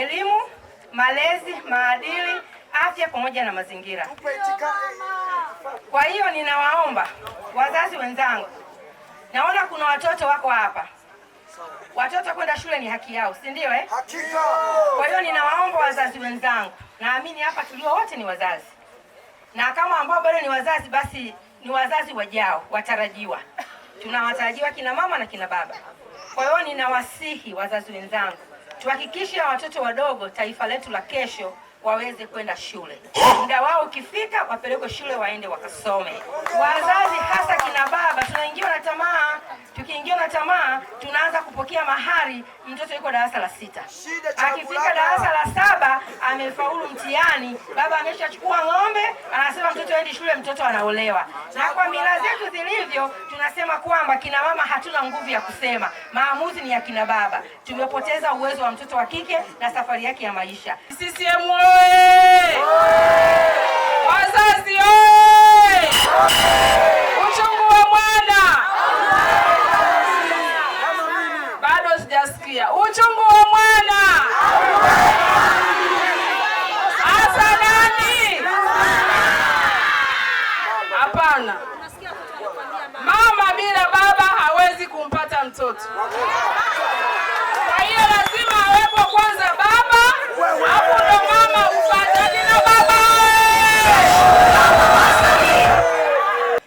elimu, malezi, maadili, afya pamoja na mazingira. Kwa hiyo ninawaomba wazazi wenzangu, naona kuna watoto wako hapa. Watoto kwenda shule ni haki yao, si ndio eh? Hakika. Kwa hiyo ninawaomba wazazi wenzangu, naamini hapa tulio wote ni wazazi, na kama ambao bado ni wazazi, basi ni wazazi wajao watarajiwa. Tunawatarajiwa kina mama na kina baba. Kwa hiyo ninawasihi wazazi wenzangu Tuhakikishe watoto wadogo taifa letu la kesho waweze kwenda shule, oh! muda wao ukifika wapelekwe shule waende wakasome. Wazazi hasa kina baba tunaingiwa na tamaa tukiingia na tamaa, tunaanza kupokea mahari. Mtoto yuko darasa la sita, akifika darasa la saba amefaulu mtihani, baba ameshachukua ng'ombe, anasema mtoto aende shule, mtoto anaolewa. Na kwa mila zetu zilivyo, tunasema kwamba kina mama hatuna nguvu ya kusema, maamuzi ni ya kina baba. Tumepoteza uwezo wa mtoto wa kike na safari yake ya maisha. CCM Wazazi sana. Mama bila baba hawezi kumpata mtoto, kwa hiyo lazima awepo kwanza baba, hapo ndo mama upata na baba.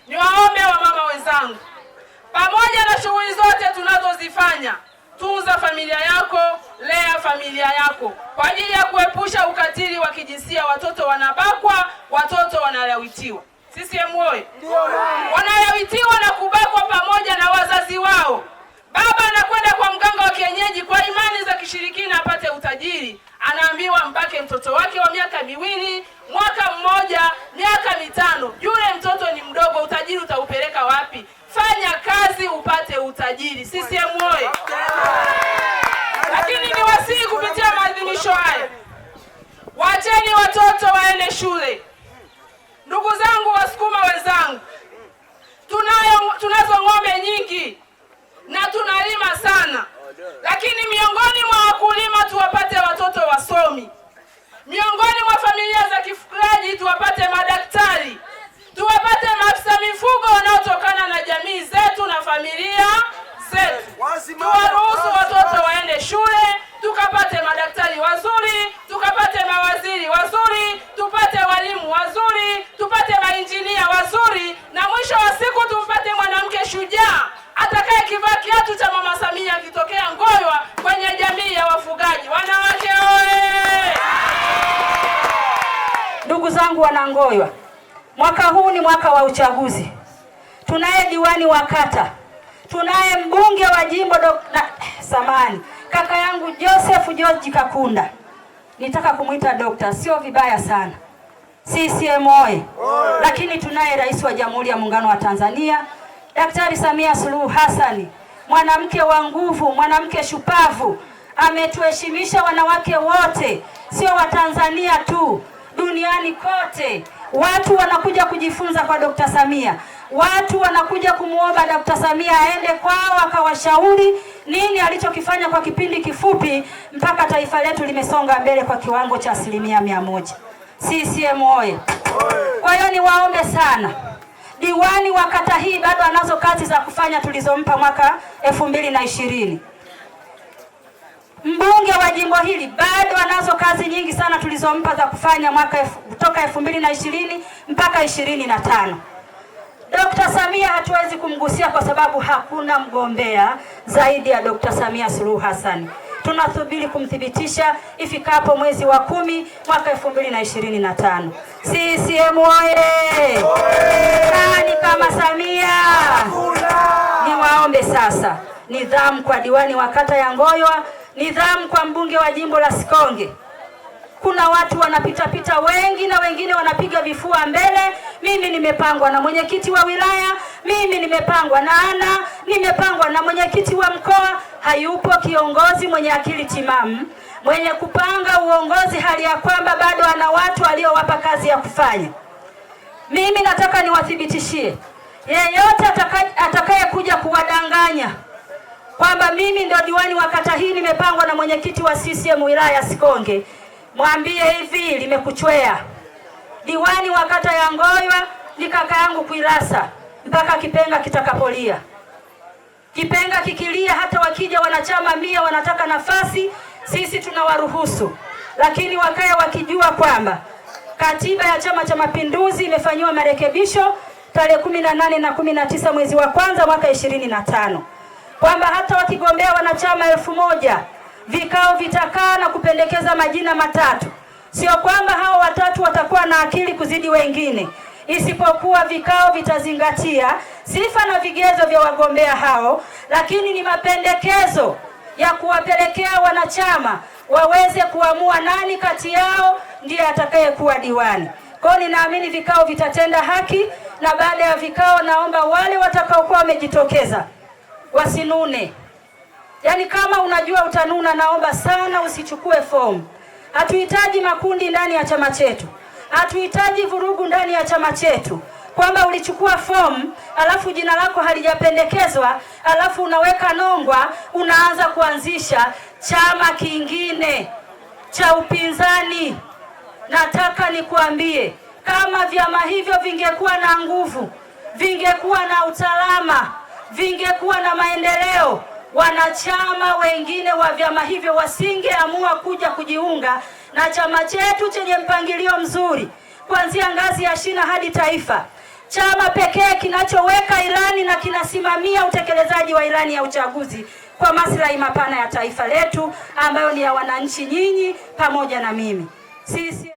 Niwaombe wa mama wenzangu, pamoja na shughuli zote tunazozifanya, tunza familia yako, lea familia yako kwa ajili ya kuepusha ukatili wa kijinsia. Watoto wanabakwa, watoto wanalawitiwa. CCM oyee! wanayawitiwa na kubakwa pamoja na wazazi wao. Baba anakwenda kwa mganga wa kienyeji kwa imani za kishirikina apate utajiri, anaambiwa mpake mtoto wake wa miaka miwili, mwaka mmoja, miaka mitano. Yule mtoto ni mdogo, utajiri utaupeleka wapi? Fanya kazi upate utajiri. CCM oye Lakini ni wasihi kupitia maadhimisho haya, wacheni watoto waende shule. Wasukuma wenzangu, tunayo tunazo ng'ombe nyingi na tunalima sana, lakini miongoni kiatu cha Mama Samia kitokea Ngoywa kwenye jamii ya wafugaji. Wanawake oye! Ndugu zangu wana ngoywa mwaka huu ni mwaka wa uchaguzi. Tunaye diwani wa kata, tunaye mbunge wa jimbo do... na... samani kaka yangu Joseph George Kakunda, nitaka kumwita dokta, sio vibaya sana CCM oye! Lakini tunaye rais wa Jamhuri ya Muungano wa Tanzania Daktari Samia Suluhu Hassani mwanamke wa nguvu, mwanamke shupavu. Ametuheshimisha wanawake wote, sio Watanzania tu, duniani kote. Watu wanakuja kujifunza kwa Dokta Samia, watu wanakuja kumwomba Dokta Samia aende kwao akawashauri nini alichokifanya kwa kipindi kifupi mpaka taifa letu limesonga mbele kwa kiwango cha asilimia mia moja. CCM oye! Kwa hiyo niwaombe sana diwani wa kata hii bado anazo kazi za kufanya tulizompa mwaka elfu mbili na ishirini. Mbunge wa jimbo hili bado anazo kazi nyingi sana tulizompa za kufanya mwaka kutoka elfu mbili na ishirini mpaka ishirini na tano. Dr. Samia hatuwezi kumgusia kwa sababu hakuna mgombea zaidi ya Dr. Samia Suluhu Hassan tunasubiri kumthibitisha ifikapo mwezi wa kumi mwaka na na ishirini tano CCM oye! Nani kama Samia? Niwaombe sasa nidhamu kwa diwani wa kata ya Ngoywa, nidhamu kwa mbunge wa jimbo la Sikonge. Kuna watu wanapitapita wengi na wengine wanapiga vifua mbele. Mimi nimepangwa na mwenyekiti wa wilaya, mimi nimepangwa na ana, nimepangwa na mwenyekiti wa mkoa hayupo kiongozi mwenye akili timamu mwenye kupanga uongozi hali ya kwamba bado ana watu waliowapa kazi ya kufanya. Mimi nataka niwathibitishie yeyote atakayekuja kuwadanganya kwamba mimi ndio diwani wa kata hii nimepangwa na mwenyekiti wa CCM wilaya ya Sikonge, mwambie hivi limekuchwea. Diwani wa kata ya Ngoywa ni kaka yangu Kwilasa mpaka kipenga kitakapolia. Kipenga kikilia, hata wakija wanachama mia wanataka nafasi, sisi tunawaruhusu, lakini wakae wakijua kwamba katiba ya Chama cha Mapinduzi imefanyiwa marekebisho tarehe kumi na nane na kumi na tisa mwezi wa kwanza mwaka ishirini na tano kwamba hata wakigombea wanachama elfu moja vikao vitakaa na kupendekeza majina matatu. Sio kwamba hao watatu watakuwa na akili kuzidi wengine isipokuwa vikao vitazingatia sifa na vigezo vya wagombea hao, lakini ni mapendekezo ya kuwapelekea wanachama waweze kuamua nani kati yao ndiye atakayekuwa diwani. Kwa ninaamini vikao vitatenda haki, na baada ya vikao, naomba wale watakaokuwa wamejitokeza wasinune. Yaani, kama unajua utanuna, naomba sana usichukue fomu. Hatuhitaji makundi ndani ya chama chetu. Hatuhitaji vurugu ndani ya chama chetu, kwamba ulichukua fomu alafu jina lako halijapendekezwa alafu unaweka nongwa, unaanza kuanzisha chama kingine cha upinzani. Nataka nikuambie, kama vyama hivyo vingekuwa na nguvu, vingekuwa na usalama, vingekuwa na maendeleo wanachama wengine wa vyama hivyo wasingeamua kuja kujiunga na chama chetu chenye mpangilio mzuri kuanzia ngazi ya shina hadi taifa, chama pekee kinachoweka ilani na kinasimamia utekelezaji wa ilani ya uchaguzi kwa maslahi mapana ya taifa letu ambayo ni ya wananchi nyinyi pamoja na mimi sisi